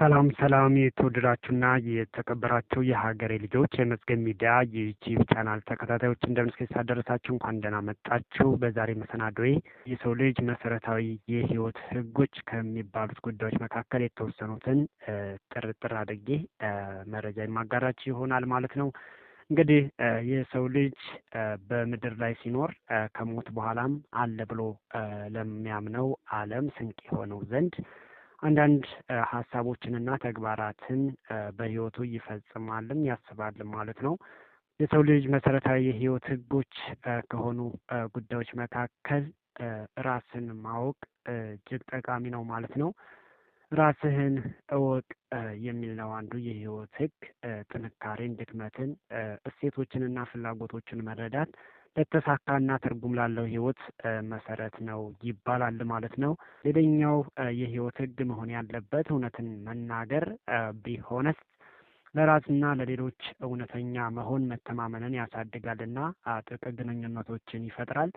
ሰላም ሰላም የተወደዳችሁና የተከበራችሁ የሀገሬ ልጆች የመዝገብ ሚዲያ የዩቲዩብ ቻናል ተከታታዮች እንደምስ ሳደረሳችሁ እንኳን ደህና መጣችሁ። በዛሬ መሰናዶዬ የሰው ልጅ መሰረታዊ የህይወት ህጎች ከሚባሉት ጉዳዮች መካከል የተወሰኑትን ጥርጥር አድርጌ መረጃ የማጋራችሁ ይሆናል ማለት ነው። እንግዲህ የሰው ልጅ በምድር ላይ ሲኖር ከሞት በኋላም አለ ብሎ ለሚያምነው ዓለም ስንቅ የሆነው ዘንድ አንዳንድ ሀሳቦችንና ተግባራትን በህይወቱ ይፈጽማልም ያስባልም ማለት ነው። የሰው ልጅ መሰረታዊ የህይወት ህጎች ከሆኑ ጉዳዮች መካከል ራስን ማወቅ እጅግ ጠቃሚ ነው ማለት ነው። ራስህን እወቅ የሚል ነው አንዱ የህይወት ህግ። ጥንካሬን፣ ድክመትን፣ እሴቶችንና ፍላጎቶችን መረዳት ለተሳካና ትርጉም ላለው ህይወት መሰረት ነው ይባላል ማለት ነው። ሌላኛው የህይወት ህግ መሆን ያለበት እውነትን መናገር ቢሆነስ ለራስና ለሌሎች እውነተኛ መሆን መተማመንን ያሳድጋልና ጥብቅ ግንኙነቶችን ይፈጥራል።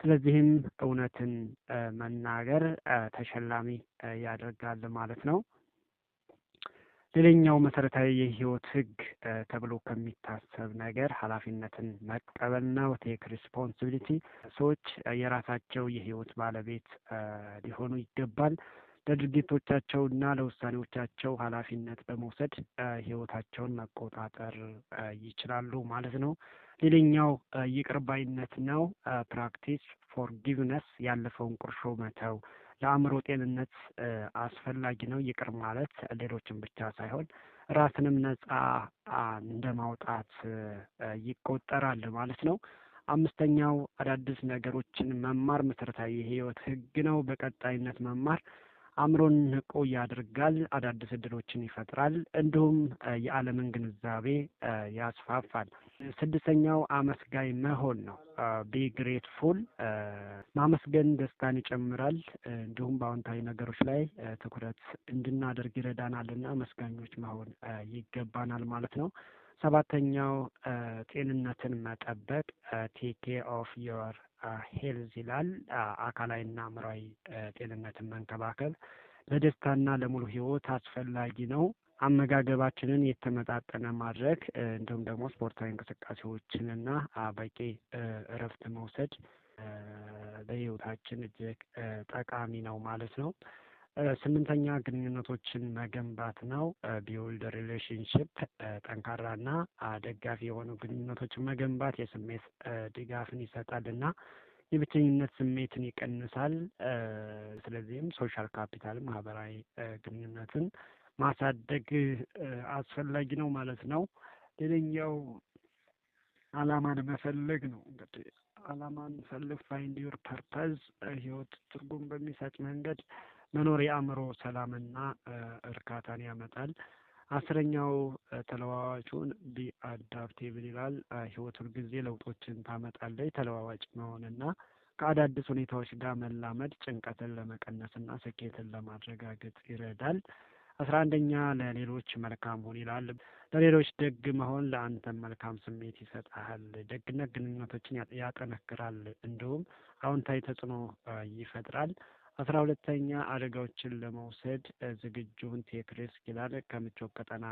ስለዚህም እውነትን መናገር ተሸላሚ ያደርጋል ማለት ነው። ሌላኛው መሰረታዊ የህይወት ህግ ተብሎ ከሚታሰብ ነገር ኃላፊነትን መቀበል ነው። ቴክ ሪስፖንሲቢሊቲ ሰዎች የራሳቸው የህይወት ባለቤት ሊሆኑ ይገባል። ለድርጊቶቻቸውና ለውሳኔዎቻቸው ኃላፊነት በመውሰድ ህይወታቸውን መቆጣጠር ይችላሉ ማለት ነው። ሌላኛው ይቅርባይነት ነው። ፕራክቲስ ፎርጊቭነስ ያለፈውን ቁርሾ መተው ለአእምሮ ጤንነት አስፈላጊ ነው። ይቅር ማለት ሌሎችን ብቻ ሳይሆን ራስንም ነጻ እንደ ማውጣት ይቆጠራል ማለት ነው። አምስተኛው አዳዲስ ነገሮችን መማር መሰረታዊ የህይወት ህግ ነው። በቀጣይነት መማር አእምሮን ንቁ ያደርጋል፣ አዳዲስ እድሎችን ይፈጥራል፣ እንዲሁም የዓለምን ግንዛቤ ያስፋፋል። ስድስተኛው አመስጋኝ መሆን ነው። ቢ ግሬትፉል ማመስገን ደስታን ይጨምራል። እንዲሁም በአዎንታዊ ነገሮች ላይ ትኩረት እንድናደርግ ይረዳናል እና አመስጋኞች መሆን ይገባናል ማለት ነው። ሰባተኛው ጤንነትን መጠበቅ ቴክ ኬር ኦፍ ዮር ሄልዝ ይላል። አካላዊና አእምሯዊ ጤንነትን መንከባከብ ለደስታና ለሙሉ ህይወት አስፈላጊ ነው። አመጋገባችንን የተመጣጠነ ማድረግ እንዲሁም ደግሞ ስፖርታዊ እንቅስቃሴዎችንና በቂ እረፍት መውሰድ ለህይወታችን እጅግ ጠቃሚ ነው ማለት ነው። ስምንተኛ ግንኙነቶችን መገንባት ነው። ቢውልድ ሪሌሽንሽፕ ጠንካራና ደጋፊ የሆኑ ግንኙነቶችን መገንባት የስሜት ድጋፍን ይሰጣል እና የብቸኝነት ስሜትን ይቀንሳል። ስለዚህም ሶሻል ካፒታል ማህበራዊ ግንኙነትን ማሳደግ አስፈላጊ ነው ማለት ነው። ሌላኛው አላማን መፈለግ ነው። እንግዲህ አላማን ፈልግ፣ ፋይንድ ዩር ፐርፐዝ፣ ህይወት ትርጉም በሚሰጥ መንገድ መኖር የአእምሮ ሰላምና እርካታን ያመጣል። አስረኛው ተለዋዋጩን ቢ አዳፕቴብል ይላል። ህይወት ሁልጊዜ ለውጦችን ታመጣለች። ተለዋዋጭ መሆንና ከአዳዲስ ሁኔታዎች ጋር መላመድ ጭንቀትን ለመቀነስና ስኬትን ለማረጋገጥ ይረዳል። አስራ አንደኛ ለሌሎች መልካም ሁን ይላል። ለሌሎች ደግ መሆን ለአንተ መልካም ስሜት ይሰጣል ደግነት ግንኙነቶችን ያጠነክራል፣ እንዲሁም አዎንታዊ ተጽዕኖ ይፈጥራል። አስራ ሁለተኛ አደጋዎችን ለመውሰድ ዝግጁን ቴክ ሪስክ ይላል። ከምቾት ቀጠና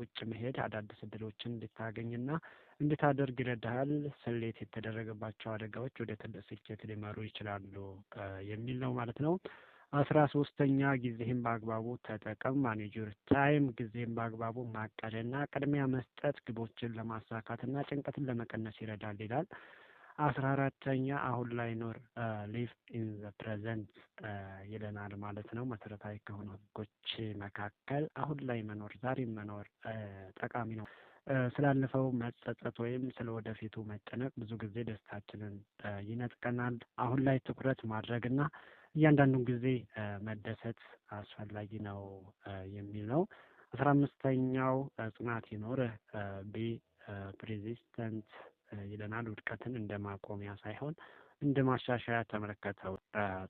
ውጭ መሄድ አዳዲስ እድሎችን እንድታገኝና እንድታደርግ ይረዳሃል። ስሌት የተደረገባቸው አደጋዎች ወደ ትልቅ ስኬት ሊመሩ ይችላሉ የሚል ነው ማለት ነው። አስራ ሶስተኛ ጊዜህን በአግባቡ ተጠቀም። ማኔጀር ታይም ጊዜህን በአግባቡ ማቀድና ቅድሚያ መስጠት ግቦችን ለማሳካትና ጭንቀትን ለመቀነስ ይረዳል ይላል። አስራ አራተኛ አሁን ላይ ኖር ሊቭ ኢን ዘ ፕሬዘንት ይለናል ማለት ነው። መሰረታዊ ከሆኑ ህጎች መካከል አሁን ላይ መኖር፣ ዛሬም መኖር ጠቃሚ ነው። ስላለፈው መጸጸት ወይም ስለ ወደፊቱ መጨነቅ ብዙ ጊዜ ደስታችንን ይነጥቀናል። አሁን ላይ ትኩረት ማድረግና እያንዳንዱን ጊዜ መደሰት አስፈላጊ ነው የሚል ነው። አስራ አምስተኛው ጽናት ይኖርህ ቢ ፕሬዚስተንት ይለናል። ውድቀትን እንደ ማቆሚያ ሳይሆን እንደ ማሻሻያ ተመለከተው።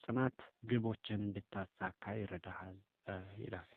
ጽናት ግቦችን እንድታሳካ ይረዳሃል ይላል።